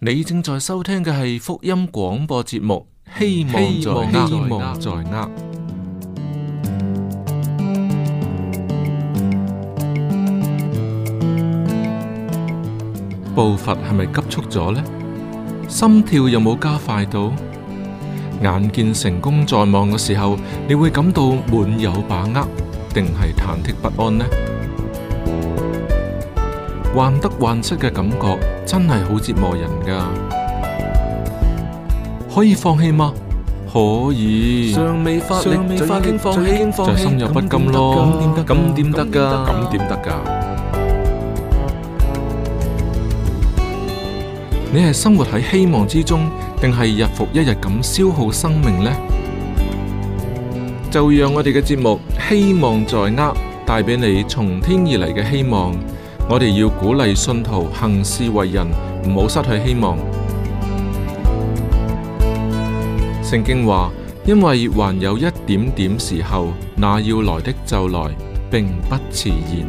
你正在收聽嘅係福音廣播節目，希望、希望在握。步伐係咪急促咗呢？心跳有冇加快到？眼見成功在望嘅時候，你會感到滿有把握，定係忐忑不安呢？患得患失嘅感覺真係好折磨人噶，可以放棄嗎？可以。尚未發力，最應放棄。就心有不甘咯，咁點得？咁點得噶？咁點得噶？你係生活喺希望之中，定係日復一日咁消耗生命呢？就會讓我哋嘅節目希望在握，帶俾你從天而嚟嘅希望。我哋要鼓勵信徒行事為人，唔好失去希望。聖經話：因為還有一點點時候，那要來的就來，並不遲延。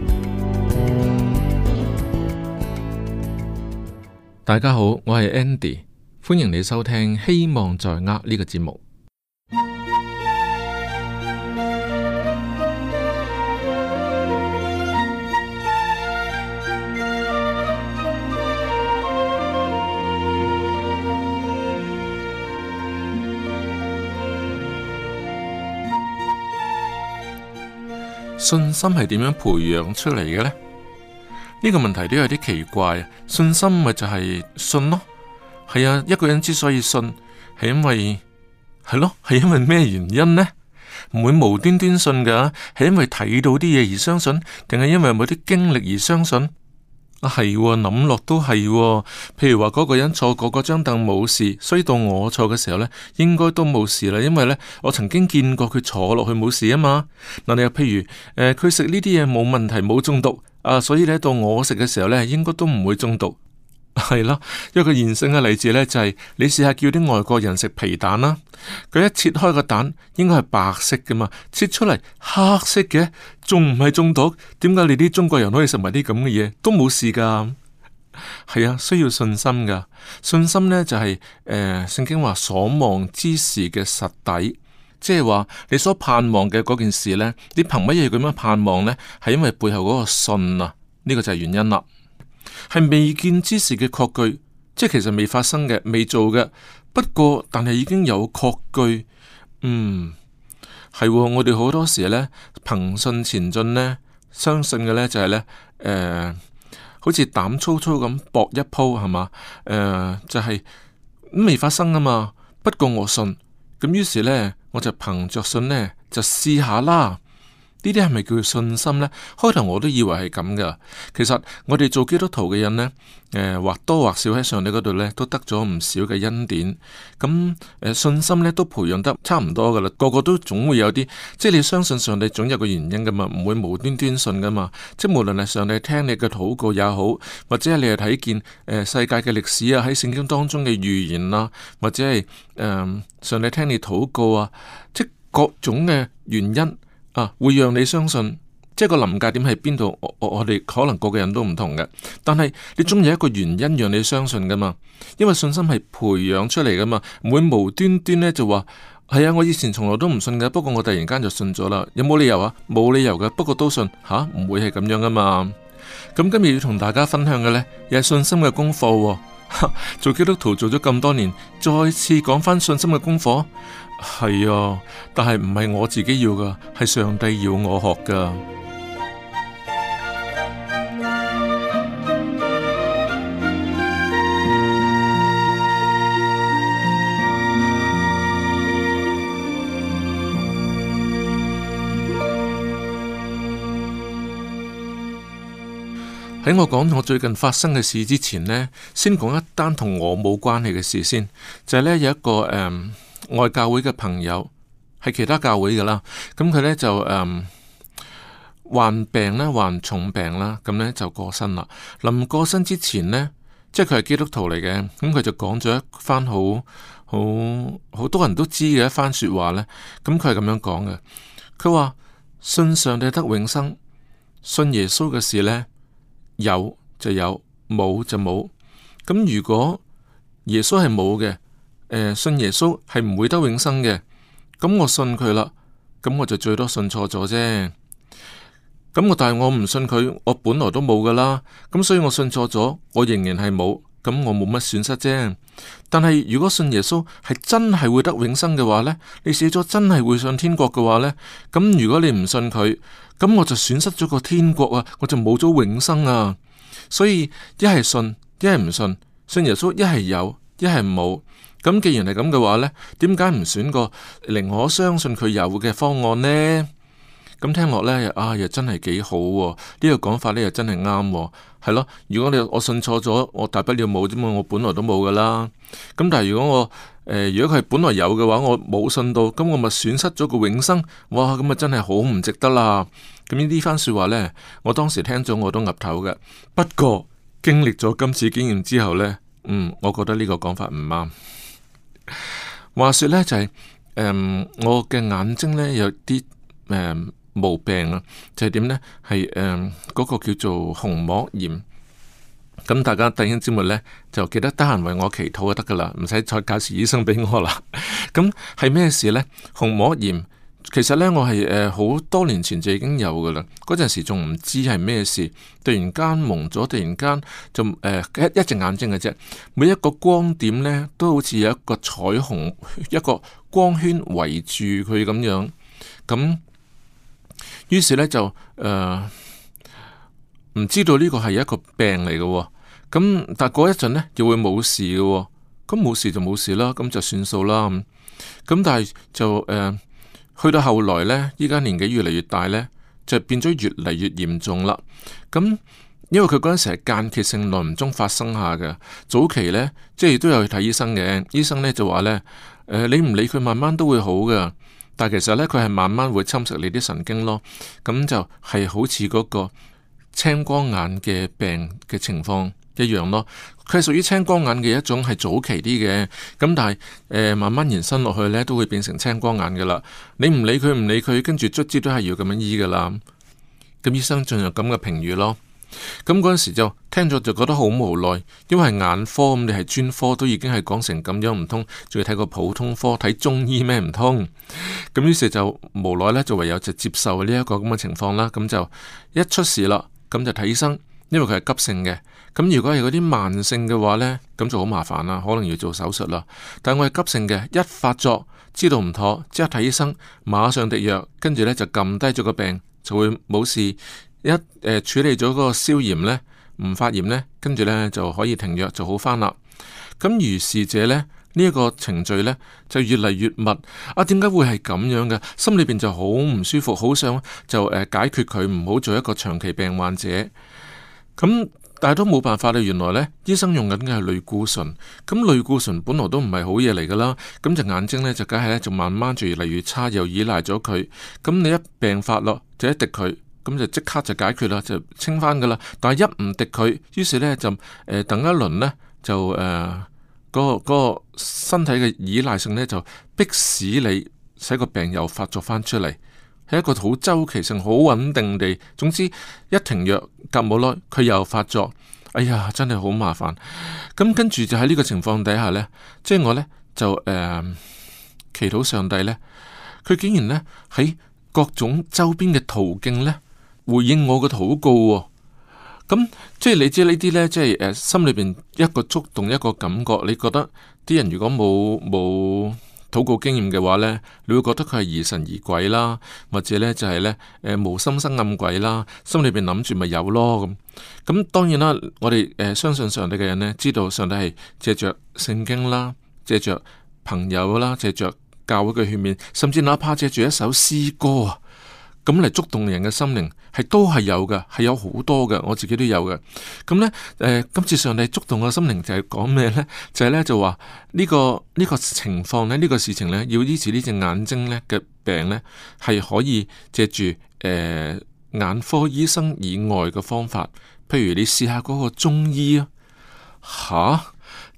大家好，我係 Andy，歡迎你收聽《希望在握》呢個節目。信心係點樣培養出嚟嘅呢？呢個問題都有啲奇怪。信心咪就係信咯。係啊，一個人之所以信，係因為係咯，係因為咩原因呢？唔會無端端信噶，係因為睇到啲嘢而相信，定係因為某啲經歷而相信？啊，係諗落都係喎，譬如話嗰個人坐過嗰張凳冇事，所以到我坐嘅時候呢應該都冇事啦。因為呢我曾經見過佢坐落去冇事啊嘛。嗱、啊，你又譬如，誒、呃，佢食呢啲嘢冇問題冇中毒啊，所以呢到我食嘅時候呢應該都唔會中毒。係咯，一個現成嘅例子呢，就係你試下叫啲外國人食皮蛋啦，佢一切開個蛋，應該係白色噶嘛，切出嚟黑色嘅，仲唔係中毒？點解你啲中國人可以食埋啲咁嘅嘢，都冇事噶？係啊，需要信心噶，信心呢，就係，誒，聖經話所望之事嘅實底，即係話你所盼望嘅嗰件事呢，你憑乜嘢咁樣盼望呢？係因為背後嗰個信啊，呢個就係原因啦。係未見之事嘅確據，即係其實未發生嘅、未做嘅。不過，但係已經有確據。嗯，係我哋好多時呢，憑信前進呢，相信嘅呢就係呢，誒、呃，好似膽粗粗咁搏一鋪係嘛？誒、呃，就係、是、未發生啊嘛。不過我信，咁於是呢，我就憑着信呢，就試下啦。呢啲係咪叫信心呢？開頭我都以為係咁噶。其實我哋做基督徒嘅人呢，誒、呃、或多或少喺上帝嗰度呢都得咗唔少嘅恩典。咁、呃、信心呢都培養得差唔多噶啦。個個都總會有啲，即係你相信上帝總有個原因噶嘛，唔會無端端信噶嘛。即係無論係上帝聽你嘅禱告也好，或者係你係睇見、呃、世界嘅歷史啊，喺聖經當中嘅預言啦、啊，或者係、呃、上帝聽你禱告啊，即各種嘅原因。啊，會讓你相信，即係個臨界點係邊度？我我哋可能個個人都唔同嘅，但係你總有一個原因讓你相信噶嘛，因為信心係培養出嚟噶嘛，唔會無端端咧就話係啊，我以前從來都唔信噶，不過我突然間就信咗啦，有冇理由啊？冇理由嘅，不過都信吓，唔會係咁樣噶嘛。咁今日要同大家分享嘅呢，又係信心嘅功課哦。做基督徒做咗咁多年，再次講返信心嘅功課？係啊，但係唔係我自己要㗎，係上帝要我學㗎。喺我講我最近發生嘅事之前呢，先講一單同我冇關係嘅事先，就係呢，有一個誒、嗯、外教會嘅朋友係其他教會噶啦，咁佢呢，就誒、嗯、患病啦，患重病啦，咁、嗯、呢就過身啦。臨過身之前呢，即係佢係基督徒嚟嘅，咁、嗯、佢就講咗一番好好好多人都知嘅一番話、嗯、說話呢。咁佢係咁樣講嘅，佢話，信上帝得永生，信耶穌嘅事呢。」有就有，冇就冇。咁如果耶穌係冇嘅，信耶穌係唔會得永生嘅。咁我信佢啦，咁我就最多信錯咗啫。咁我但係我唔信佢，我本來都冇噶啦。咁所以我信錯咗，我仍然係冇。咁我冇乜損失啫。但係如果信耶穌係真係會得永生嘅話呢，你死咗真係會上天國嘅話呢？咁如果你唔信佢。咁我就損失咗個天國啊，我就冇咗永生啊，所以一係信，一係唔信，信耶穌，一係有，一係冇。咁既然係咁嘅話呢，點解唔選個寧可相信佢有嘅方案呢？咁聽落咧，啊，又真係幾好喎，啊！呢個講法呢，又真係啱，啊，係咯。如果你我信錯咗，我大不了冇啫嘛，我本來都冇噶啦。咁但係如果我誒、呃，如果佢係本來有嘅話，我冇信到，咁我咪損失咗個永生。哇，咁咪真係好唔值得啦。咁呢番說話呢，我當時聽咗我都岌頭嘅。不過經歷咗今次經驗之後呢，嗯，我覺得呢個講法唔啱。話說呢，就係，誒、呃，我嘅眼睛呢，有啲，誒、呃。毛病啊，就係、是、點呢？係誒，嗰、呃那個叫做虹膜炎。咁大家弟兄姊妹呢，就記得得閒為我祈禱就得噶啦，唔使再介紹醫生俾我啦。咁係咩事呢？虹膜炎，其實呢，我係誒好多年前就已經有噶啦。嗰陣時仲唔知係咩事，突然間蒙咗，突然間就誒、呃、一一隻眼睛嘅啫。每一個光點呢，都好似有一個彩虹，一個光圈圍住佢咁樣咁。於是咧就誒唔、呃、知道呢個係一個病嚟嘅，咁但係嗰一陣呢，又會冇事嘅，咁冇事就冇事啦，咁就算數啦。咁但係就誒、呃、去到後來呢，依家年紀越嚟越大呢，就變咗越嚟越嚴重啦。咁因為佢嗰陣時係間歇性、耐唔中發生下嘅，早期呢，即係都有去睇醫生嘅，醫生呢，就話呢，誒你唔理佢，慢慢都會好嘅。但其實呢，佢係慢慢會侵蝕你啲神經咯，咁就係好似嗰個青光眼嘅病嘅情況一樣咯。佢係屬於青光眼嘅一種，係早期啲嘅，咁但係、呃、慢慢延伸落去呢，都會變成青光眼㗎喇。你唔理佢唔理佢，跟住卒之都係要咁樣醫噶啦。咁醫生進入咁嘅評語咯。咁嗰陣時就聽咗就覺得好無奈，因為係眼科咁，你係專科都已經係講成咁樣，唔通仲要睇個普通科睇中醫咩？唔通？咁於是就無奈呢，就唯有就接受呢一個咁嘅情況啦。咁就一出事啦，咁就睇醫生，因為佢係急性嘅。咁如果係嗰啲慢性嘅話呢，咁就好麻煩啦，可能要做手術啦。但我係急性嘅，一發作知道唔妥，即刻睇醫生，馬上滴藥，跟住呢就撳低咗個病，就會冇事。一誒、呃、處理咗嗰個消炎呢，唔發炎呢，跟住呢就可以停藥就好翻啦。咁於是者呢，呢、這、一個程序呢就越嚟越密啊。點解會係咁樣嘅？心裏邊就好唔舒服，好想就、呃、解決佢，唔好做一個長期病患者。咁、嗯、但係都冇辦法啦。原來呢，醫生用緊嘅係類固醇，咁類固醇本來都唔係好嘢嚟噶啦。咁、嗯、隻眼睛呢，就梗係呢，就慢慢就越嚟越差，又依賴咗佢。咁、嗯、你一病發咯，就一滴佢。咁就即刻就解決啦，就清翻㗎喇。但係一唔敵佢，於是呢，就誒、呃、等一輪呢，就誒嗰個嗰個身體嘅依賴性呢，就迫使你使個病又發作翻出嚟。係一個好周期性、好穩定地。總之一停藥隔冇耐，佢又發作。哎呀，真係好麻煩。咁跟住就喺呢個情況底下呢，即係我呢，就誒、呃、祈禱上帝呢，佢竟然呢，喺各種周邊嘅途徑呢，回應我嘅禱告喎、哦，咁即係你知呢啲呢，即係心裏邊一個觸動，一個感覺，你覺得啲人如果冇冇禱告經驗嘅話呢，你會覺得佢係疑神疑鬼啦，或者就呢就係呢誒無心生暗鬼啦，心裏邊諗住咪有咯咁。咁當然啦，我哋、呃、相信上帝嘅人呢，知道上帝係借着聖經啦，借着朋友啦，借着教會嘅勸勉，甚至哪怕借住一首詩歌啊。咁嚟觸動人嘅心靈，係都係有嘅，係有好多嘅，我自己都有嘅。咁呢，誒、呃，今次上帝觸動我心靈就係講咩呢？就係、是、呢，就話呢、呢個呢、呢個情況呢，呢、呢個事情呢，要醫治呢隻眼睛呢嘅病呢，係可以借住誒、呃、眼科醫生以外嘅方法，譬如你試下嗰個中醫啊。吓，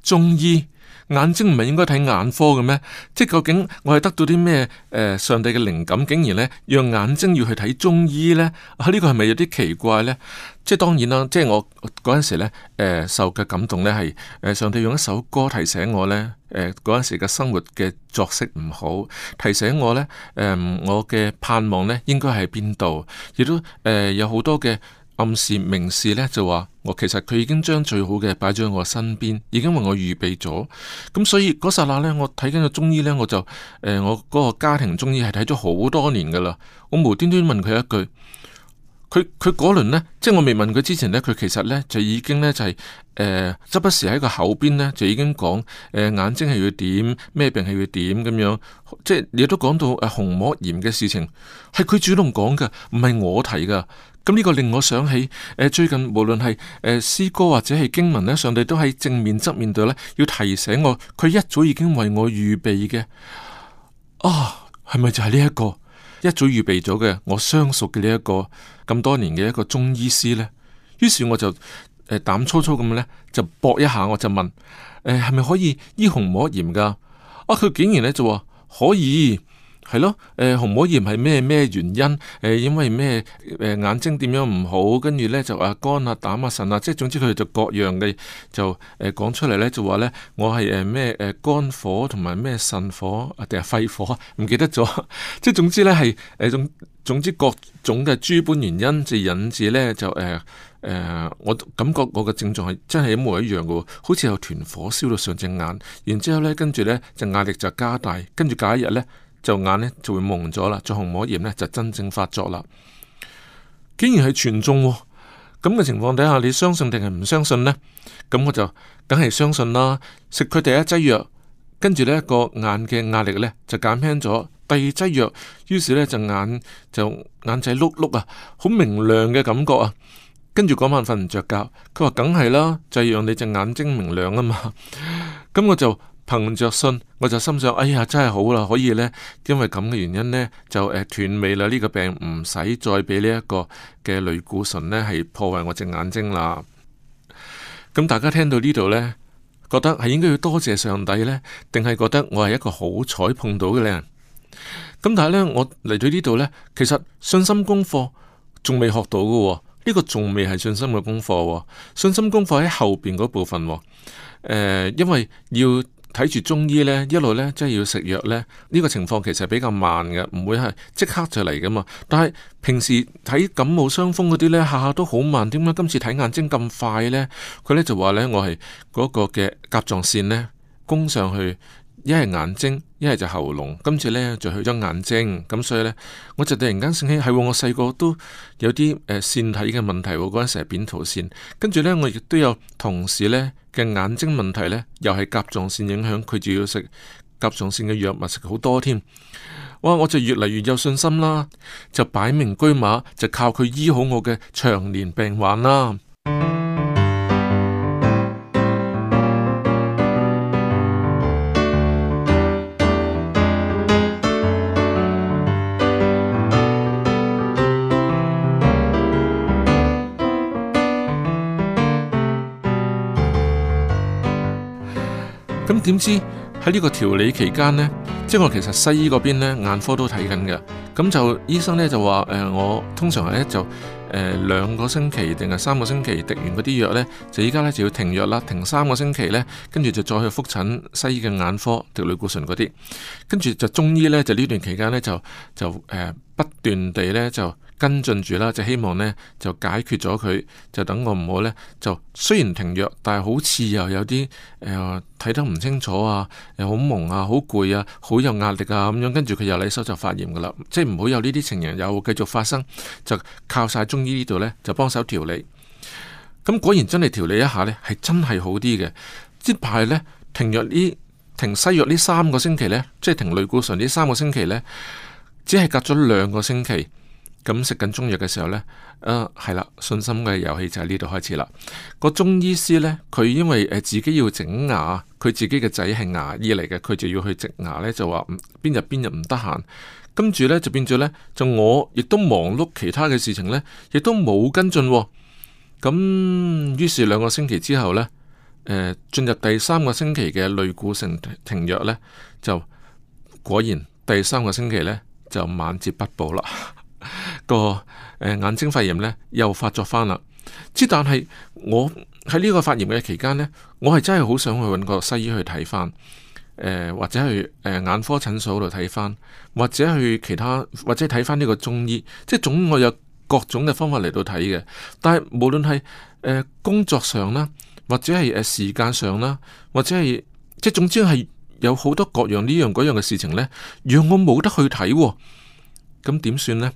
中醫！眼睛唔係應該睇眼科嘅咩？即係究竟我係得到啲咩？誒，上帝嘅靈感竟然呢，讓眼睛要去睇中醫呢？呢、啊呢個係咪有啲奇怪呢？即係當然啦，即係我嗰陣時呢，誒、呃、受嘅感動呢係，誒上帝用一首歌提醒我呢，誒嗰陣時嘅生活嘅作息唔好，提醒我呢，誒、呃、我嘅盼望呢應該喺邊度，亦都誒、呃、有好多嘅。暗示明示呢，就話我其實佢已經將最好嘅擺咗喺我身邊，已經為我預備咗。咁所以嗰剎那呢，我睇緊個中醫呢，我就誒、呃，我嗰個家庭中醫係睇咗好多年噶啦。我無端端問佢一句，佢佢嗰輪呢，即係我未問佢之前呢，佢其實呢，就已經呢，就係、是、誒，時、呃、不時喺個口邊呢，就已經講誒、呃，眼睛係要點咩病係要點咁樣，樣，即係亦都講到誒虹膜炎嘅事情，係佢主動講噶，唔係我提噶。咁呢個令我想起，誒，最近無論係誒詩歌或者係經文咧，上帝都喺正面側面度呢要提醒我，佢一早已經為我預備嘅。啊，係咪就係呢一個一早預備咗嘅我相熟嘅呢一個咁多年嘅一個中醫師呢？於是我就誒膽粗粗咁呢，就搏一下，我就問，誒係咪可以醫虹膜炎㗎？啊，佢竟然呢就話可以。係咯，誒，紅火炎係咩咩原因？誒，因為咩？誒，眼睛點樣唔好？跟住咧就啊，肝啊、膽啊、腎啊，即係總之佢就各樣嘅就誒講出嚟咧，就話咧、呃、我係誒咩誒肝火同埋咩腎火啊？定係肺火啊？唔記得咗，即係總之咧係誒總總之各種嘅諸般原因呢就引致咧就誒誒，我感覺我嘅症狀係真係一模一樣嘅，好似有團火燒到上隻眼，然之後咧跟住咧就壓力就加大，跟住隔一日咧。呢就眼呢就會蒙咗啦，做虹膜炎呢就真正發作啦。竟然係全中喎，咁嘅情況底下，你相信定係唔相信呢？咁我就梗係相信啦。食佢第一劑藥，跟住呢個眼嘅壓力呢就減輕咗。第二劑藥，於是呢眼就眼就眼仔碌碌啊，好明亮嘅感覺啊。跟住嗰晚瞓唔着覺，佢話梗係啦，就係讓你隻眼睛明亮啊嘛。咁我就。憑着信，我就心想：哎呀，真係好啦，可以呢？因為咁嘅原因呢，就誒斷、呃、尾啦。呢、這個病唔使再俾呢一個嘅類固醇呢，係破壞我隻眼睛啦。咁、嗯、大家聽到呢度呢，覺得係應該要多謝上帝呢，定係覺得我係一個好彩碰到嘅呢？咁、嗯、但係呢，我嚟到呢度呢，其實信心功課仲未學到嘅喎、哦，呢、這個仲未係信心嘅功課喎、哦。信心功課喺後邊嗰部分、哦，誒、呃，因為要。睇住中醫呢，一路呢，即係要食藥呢。呢、呢個情況其實比較慢嘅，唔會係即刻就嚟噶嘛。但係平時睇感冒傷風嗰啲呢，下下都好慢，點解今次睇眼睛咁快呢？佢呢就話呢，我係嗰個嘅甲狀腺呢，攻上去。一係眼睛，一係就喉嚨。今次呢，就去咗眼睛，咁所以呢，我就突然間醒起，係、啊、我細個都有啲誒腺體嘅問題，嗰陣時係扁桃腺。跟住呢，我亦都有同時呢嘅眼睛問題呢又係甲狀腺影響，佢就要食甲狀腺嘅藥物食好多添。哇！我就越嚟越有信心啦，就擺明車馬就靠佢醫好我嘅長年病患啦。 點知喺呢個調理期間呢，即係我其實西醫嗰邊呢，眼科都睇緊嘅，咁就醫生呢，就話誒、呃，我通常呢，就誒、呃、兩個星期定係三個星期滴完嗰啲藥呢，就依家呢就要停藥啦，停三個星期呢，跟住就再去複診西醫嘅眼科，滴類固醇嗰啲，跟住就中醫呢，就呢段期間呢，就就誒、呃、不斷地呢。就。跟進住啦，就希望呢，就解決咗佢，就等我唔好呢，就雖然停藥，但係好似又有啲誒睇得唔清楚啊，又好蒙啊，好攰啊，好有壓力啊咁樣。跟住佢又嚟手就發炎噶啦，即係唔好有呢啲情形又繼續發生，就靠晒中醫呢度呢，就幫手調理。咁果然真係調理一下呢，係真係好啲嘅。即係排呢，停藥呢停西藥呢三個星期呢，即係停類固醇呢三個星期呢，只係隔咗兩個星期。咁食緊中藥嘅時候呢，誒係啦，信心嘅遊戲就喺呢度開始啦。個中醫師呢，佢因為自己要整牙，佢自己嘅仔係牙醫嚟嘅，佢就要去植牙呢，就話邊日邊日唔得閒。跟住呢，就變咗呢，就我亦都忙碌其他嘅事情呢，亦都冇跟進、哦。咁於是兩個星期之後呢，誒、呃、進入第三個星期嘅類固醇停藥呢，就果然第三個星期呢，就晚節不保啦。個誒，眼睛肺炎呢又發作翻啦。即但係我喺呢個發炎嘅期間呢，我係真係好想去揾個西醫去睇翻，誒、呃、或者去誒眼科診所度睇翻，或者去其他或者睇翻呢個中醫，即係總我有各種嘅方法嚟到睇嘅。但係無論係誒工作上啦，或者係誒時間上啦，或者係即係，總之係有好多各樣呢樣嗰樣嘅事情呢，讓我冇得去睇、哦。咁點算呢？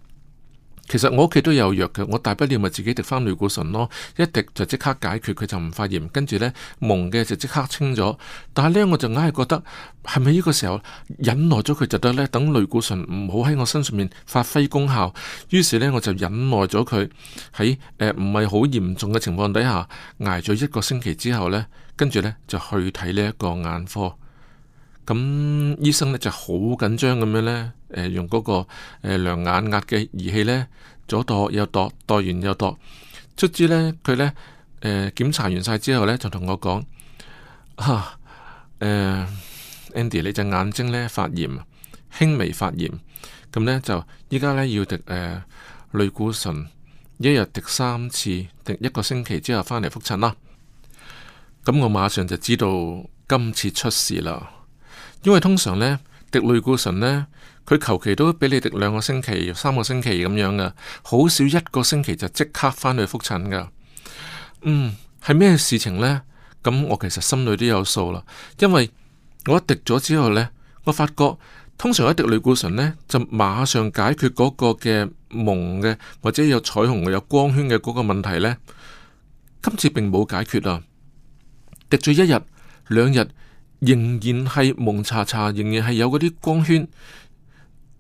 其實我屋企都有藥嘅，我大不了咪自己滴返類固醇咯，一滴就即刻解決，佢就唔發炎，跟住呢，矇嘅就即刻清咗。但係呢，我就硬係覺得係咪呢個時候忍耐咗佢就得呢？等類固醇唔好喺我身上面發揮功效，於是呢，我就忍耐咗佢喺誒唔係好嚴重嘅情況底下捱咗一個星期之後呢，跟住呢，就去睇呢一個眼科。咁，醫生呢就好緊張咁樣呢，誒、呃、用嗰、那個誒量、呃、眼壓嘅儀器呢，左度右度，度完又度，卒之呢，佢呢誒、呃、檢查完晒之後呢，就同我講哈、啊呃、Andy，你隻眼睛呢發炎，輕微發炎，咁、嗯、呢，就依家呢要滴誒、呃、類固醇，一日滴三次，滴一個星期之後翻嚟復診啦。咁我馬上就知道今次出事啦。因為通常呢，滴類固醇呢，佢求其都俾你仍然係蒙查查，仍然係有嗰啲光圈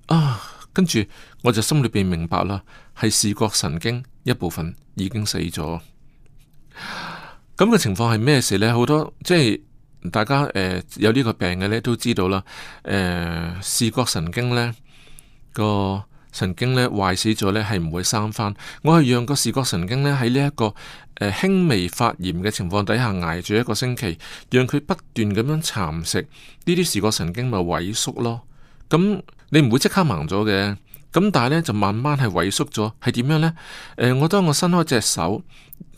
啊！跟住我就心裏面明白啦，係視覺神經一部分已經死咗。咁嘅情況係咩事呢？好多即係大家誒、呃、有呢個病嘅咧，都知道啦。誒、呃，視覺神經咧個。神經咧壞死咗咧，係唔會生翻。我係讓個視覺神經咧喺呢一、這個誒輕、呃、微發炎嘅情況底下捱住一個星期，讓佢不斷咁樣蠶食呢啲視覺神經，咪萎縮咯。咁、嗯、你唔會即刻盲咗嘅。咁但係咧就慢慢係萎縮咗。係點樣呢、呃？我當我伸開隻手，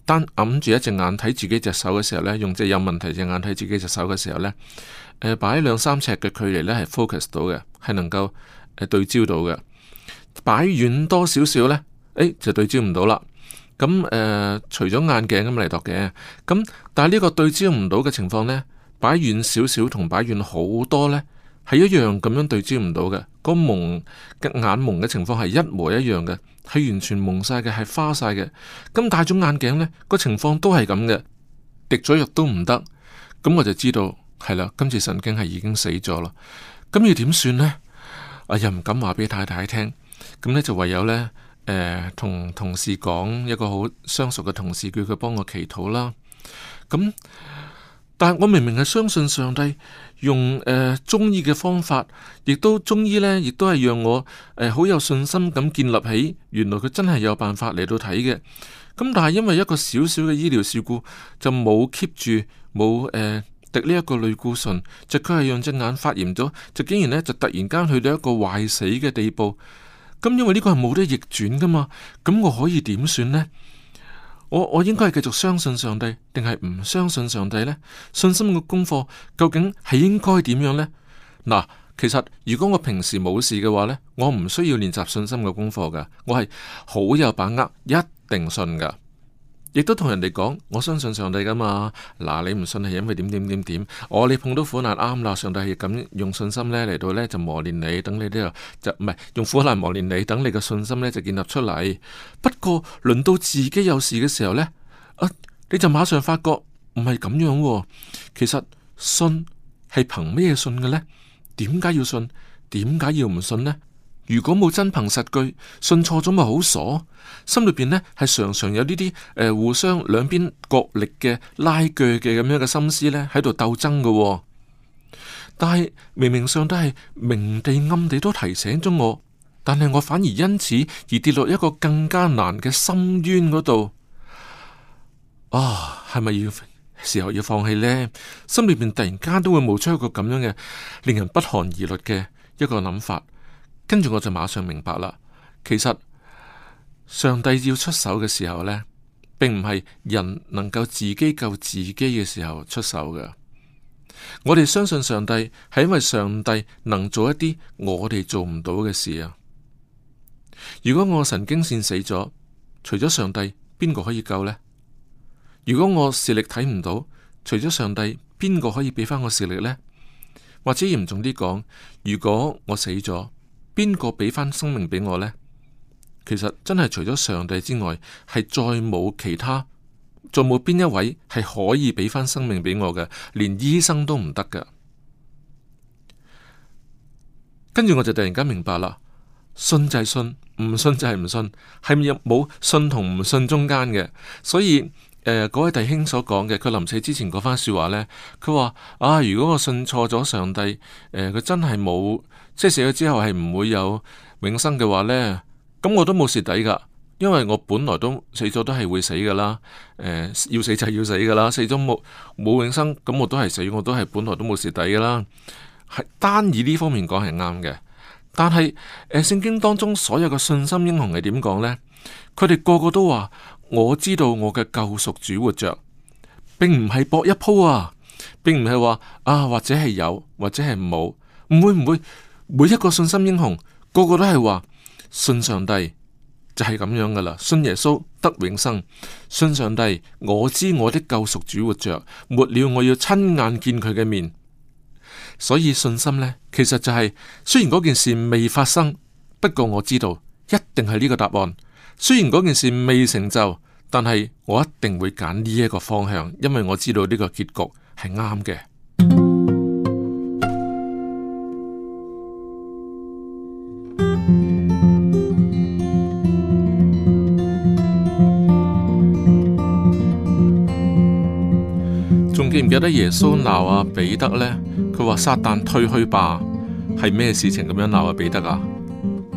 單揞住一隻眼睇自己隻手嘅時候咧，用隻有問題隻眼睇自己隻手嘅時候咧，誒擺兩三尺嘅距離咧係 focus 到嘅，係能夠誒對焦到嘅。擺遠多少少呢？誒、欸、就對焦唔到啦。咁、嗯、誒、呃、除咗眼鏡咁嚟度嘅，咁、嗯、但係呢個對焦唔到嘅情況呢？擺遠少少同擺遠好多呢，係一樣咁樣對焦唔到嘅。個蒙嘅眼蒙嘅情況係一模一樣嘅，係完全蒙晒嘅，係花晒嘅。咁、嗯、戴咗眼鏡呢，個情況都係咁嘅，滴咗藥都唔得。咁、嗯、我就知道係啦，今次神經係已經死咗咯。咁、嗯、要點算呢？啊又唔敢話俾太太聽。咁呢，就唯有呢，誒、呃，同同事講一個好相熟嘅同事，叫佢幫我祈禱啦。咁、嗯，但係我明明係相信上帝用，用、呃、誒中醫嘅方法，亦都中醫呢，亦都係讓我誒、呃、好有信心咁建立起，原來佢真係有辦法嚟到睇嘅。咁但係因為一個小小嘅醫療事故，就冇 keep 住，冇誒、呃、滴呢一個類固醇，就佢係用隻眼發炎咗，就竟然呢，就突然間去到一個壞死嘅地步。咁因為呢個係冇得逆轉噶嘛，咁我可以點算呢？我我應該係繼續相信上帝，定係唔相信上帝呢？信心嘅功課究竟係應該點樣呢？嗱，其實如果我平時冇事嘅話呢，我唔需要練習信心嘅功課噶，我係好有把握一定信噶。亦都同人哋講，我相信上帝噶嘛。嗱，你唔信係因為點點點點，我、哦、你碰到苦難啱啦，上帝係咁用信心咧嚟到呢，就磨練你，等你呢度就唔係用苦難磨練你，等你嘅信心呢，就建立出嚟。不過輪到自己有事嘅時候呢、啊，你就馬上發覺唔係咁樣、啊。其實信係憑咩信嘅呢？點解要信？點解要唔信呢？如果冇真憑實據，信錯咗咪好傻啊？心裏邊呢係常常有呢啲誒，互相兩邊角力嘅拉鋸嘅咁樣嘅心思呢喺度鬥爭嘅哦。但係明明上都係明地暗地都提醒咗我，但係我反而因此而跌落一個更加難嘅深淵嗰度啊，係咪要時候要放棄呢？心裏邊突然間都會冒出一個咁樣嘅令人不寒而慄嘅一個諗法。跟住我就馬上明白啦。其實上帝要出手嘅時候呢，並唔係人能夠自己救自己嘅時候出手嘅。我哋相信上帝係因為上帝能做一啲我哋做唔到嘅事啊。如果我神經線死咗，除咗上帝邊個可以救呢？如果我視力睇唔到，除咗上帝邊個可以畀翻我視力呢？或者嚴重啲講，如果我死咗？邊個畀返生命俾我呢？其實真係除咗上帝之外，係再冇其他，再冇邊一位係可以俾返生命俾我嘅，連醫生都唔得嘅。跟住我就突然間明白啦，信就係信，唔信就係唔信，係冇信同唔信中間嘅。所以呃、嗰位弟兄所講嘅，佢臨死之前嗰番說話呢，佢話啊，如果我信錯咗上帝，呃、佢真係冇。即係死咗之後係唔會有永生嘅話呢，咁我都冇蝕底噶因為我本來都死咗都係會死噶啦，誒、呃、要死就係要死噶啦，死咗冇永生，咁我都係死，我都係本來都冇蝕底噶啦。係單以呢方面講係啱嘅，但係誒、呃、聖經當中所有嘅信心英雄係點講呢？佢哋個個都話我知道我嘅救贖主活着，並唔係搏一鋪啊，並唔係話啊，或者係有或者係冇，唔會唔會。每一個信心英雄，個個都係話信上帝就係咁樣噶啦，信耶穌得永生，信上帝，我知我的救贖主活着，末了我要親眼見佢嘅面。所以信心呢，其實就係，雖然嗰件事未發生，不過我知道一定係呢個答案。雖然嗰件事未成就，但係我一定會揀呢一個方向，因為我知道呢個結局係啱嘅。記唔記得耶穌鬧阿彼得呢？佢話撒旦退去吧，係咩事情咁樣鬧阿彼得啊？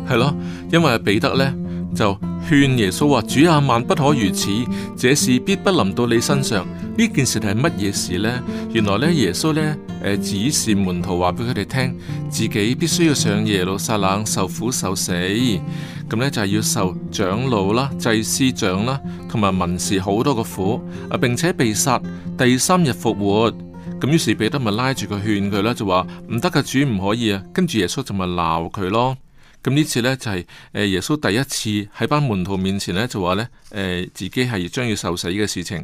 係咯，因為阿彼得呢就勸耶穌話：主啊，萬不可如此，這事必不臨到你身上。呢件事係乜嘢事呢？原來呢耶穌呢。指示門徒話俾佢哋聽，自己必須要上耶路撒冷受苦受死，咁呢，就係要受長老啦、祭司長啦、同埋文士好多個苦，啊並且被殺，第三日復活。咁於是彼得咪拉住佢勸佢啦，就話唔得㗎，主唔可以啊。跟住耶穌就咪鬧佢咯。咁呢次呢，就係誒耶穌第一次喺班門徒面前呢，就話呢：「自己係將要受死嘅事情。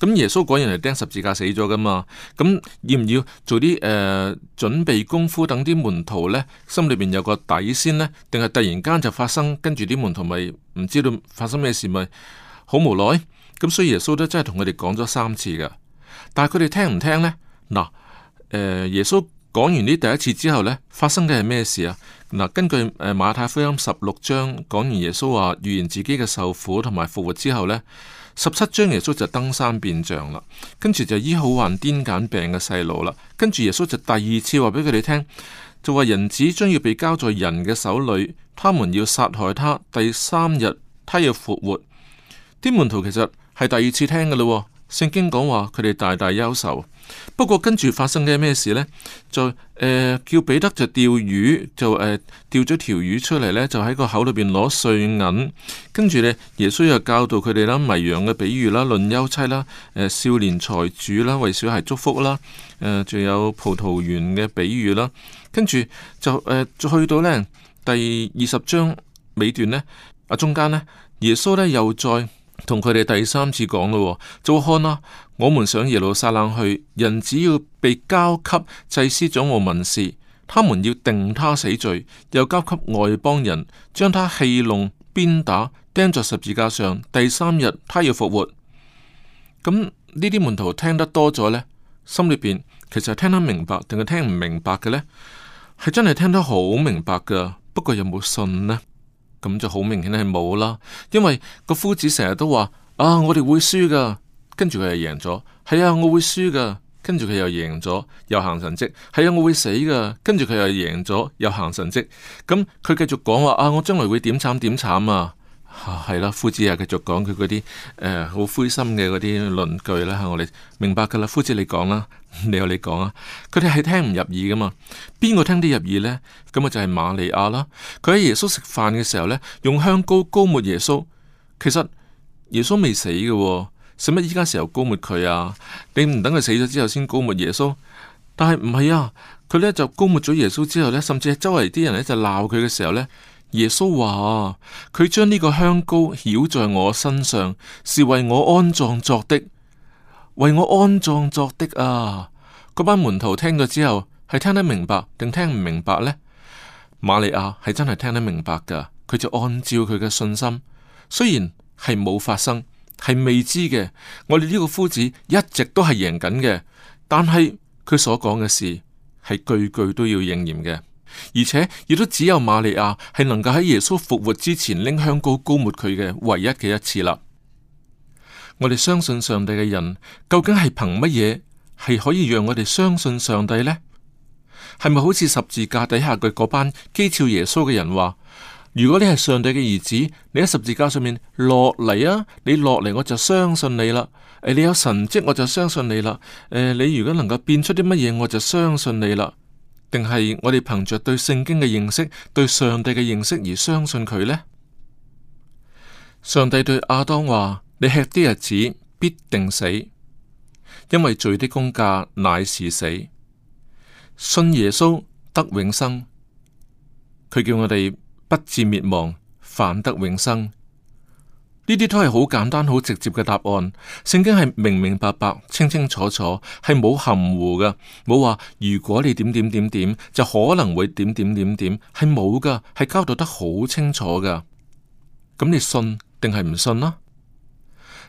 咁耶穌果然係釘十字架死咗噶嘛？咁要唔要做啲誒、呃、準備功夫，等啲門徒呢？心裏面有個底先呢？定係突然間就發生，跟住啲門徒咪唔知道發生咩事咪好無奈？咁、嗯、所以耶穌都真係同佢哋講咗三次噶，但係佢哋聽唔聽呢？嗱、呃、耶穌講完呢第一次之後呢，發生嘅係咩事啊？嗱，根據誒馬太福音十六章講完耶穌話預言自己嘅受苦同埋復活之後呢。十七章，耶穌就登山變像啦，跟住就醫好患癲癇病嘅細路啦，跟住耶穌就第二次話俾佢哋聽，就話人子將要被交在人嘅手裏，他們要殺害他，第三日他要復活。啲門徒其實係第二次聽嘅咯喎。聖經講話佢哋大大憂愁，不過跟住發生嘅咩事呢？就誒、呃、叫彼得就釣魚，就誒、呃、釣咗條魚出嚟呢就喺個口裏邊攞碎銀，跟住呢，耶穌又教導佢哋啦，迷羊嘅比喻啦，論休妻啦，誒、呃、少年財主啦，為小孩祝福啦，誒、呃、仲有葡萄園嘅比喻啦，跟住就誒、呃、去到呢第二十章尾段呢，啊中間呢，耶穌呢又再。同佢哋第三次講咯、哦，就看啦、啊。我們上耶路撒冷去，人只要被交給祭司長和文士，他們要定他死罪，又交給外邦人，將他戲弄、鞭打，釘在十字架上。第三日，他要復活。咁呢啲門徒聽得多咗呢，心裏邊其實係聽得明白，定係聽唔明白嘅呢？係真係聽得好明白㗎，不過有冇信呢？咁就好明顯係冇啦，因為個夫子成日都話啊，我哋會輸噶，跟住佢又贏咗，係啊，我會輸噶，跟住佢又贏咗，又行神蹟，係啊，我會死噶，跟住佢又贏咗，又行神蹟，咁佢繼續講話啊，我將來會點慘點慘啊！係啦、啊，夫子又繼續講佢嗰啲誒，好、呃、灰心嘅嗰啲論據啦。我哋明白噶啦，夫子你講啦，你有你講啊。佢哋係聽唔入耳噶嘛。邊個聽得入耳呢？咁啊就係瑪利亞啦。佢喺耶穌食飯嘅時候呢，用香膏膏抹耶穌。其實耶穌未死嘅，啊，使乜依家時候膏抹佢啊？你唔等佢死咗之後先膏抹耶穌？但係唔係啊？佢呢就膏抹咗耶穌之後呢，甚至係周圍啲人呢就鬧佢嘅時候呢。耶穌話：佢將呢個香膏澆在我身上，是為我安葬作的，為我安葬作的啊！嗰班門徒聽咗之後，係聽得明白定聽唔明白呢？瑪利亞係真係聽得明白噶佢就按照佢嘅信心，雖然係冇發生，係未知嘅。我哋呢個夫子一直都係贏緊嘅，但係佢所講嘅事係句句都要應驗嘅。而且亦都只有瑪利亞係能夠喺耶穌復活之前拎香膏高抹佢嘅唯一嘅一次啦。我哋相信上帝嘅人，究竟係憑乜嘢係可以讓我哋相信上帝呢？係咪好似十字架底下嘅嗰班譏誚耶穌嘅人話：如果你係上帝嘅兒子，你喺十字架上面落嚟啊！你落嚟我就相信你啦。誒、呃，你有神蹟我就相信你啦。誒、呃，你如果能夠變出啲乜嘢我就相信你啦。定係我哋憑着對聖經嘅認識、對上帝嘅認識而相信佢呢？上帝對亞當話：你吃啲日子必定死，因為罪的工價乃是死。信耶穌得永生，佢叫我哋不至滅亡，反得永生。呢啲都係好簡單、好直接嘅答案。聖經係明明白白、清清楚楚，係冇含糊噶。冇話如果你點點點點，就可能會點點點點，係冇噶，係交代得好清楚噶。咁你信定係唔信啦？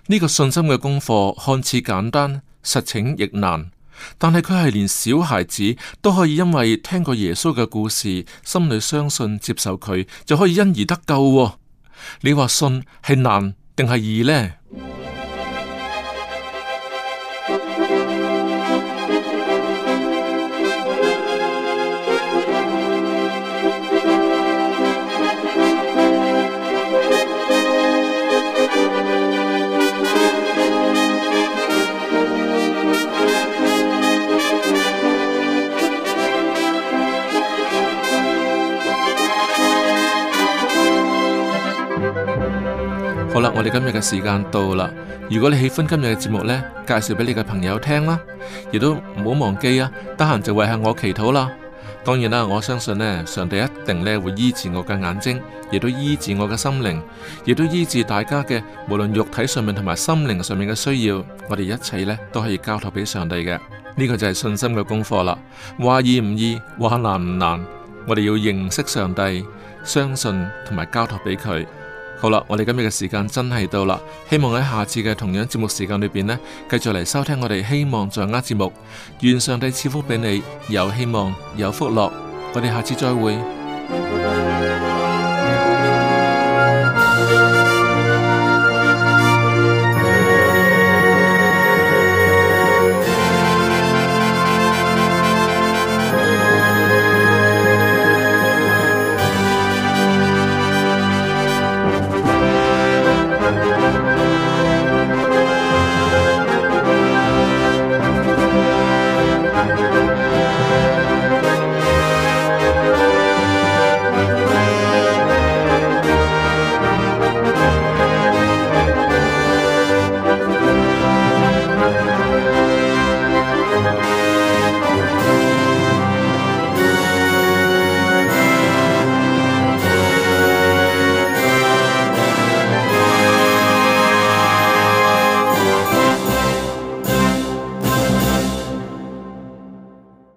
呢個信心嘅功課看似簡單，實情亦難。但係佢係連小孩子都可以因為聽過耶穌嘅故事，心裏相信接受佢，就可以因而得救喎。你話信係難定係易呢？好啦，我哋今日嘅時間到啦。如果你喜歡今日嘅節目呢，介紹俾你嘅朋友聽啦，亦都唔好忘記啊。得閒就為下我祈禱啦。當然啦，我相信呢，上帝一定呢會醫治我嘅眼睛，亦都醫治我嘅心靈，亦都醫治大家嘅無論肉體上面同埋心靈上面嘅需要。我哋一切呢都可以交託俾上帝嘅。呢個就係信心嘅功課啦。話易唔易，話難唔難，我哋要認識上帝，相信同埋交託俾佢。好啦，我哋今日嘅時間真係到啦，希望喺下次嘅同樣節目時間裏邊呢，繼續嚟收聽我哋希望在握節目，願上帝賜福俾你，有希望，有福樂，我哋下次再會。拜拜。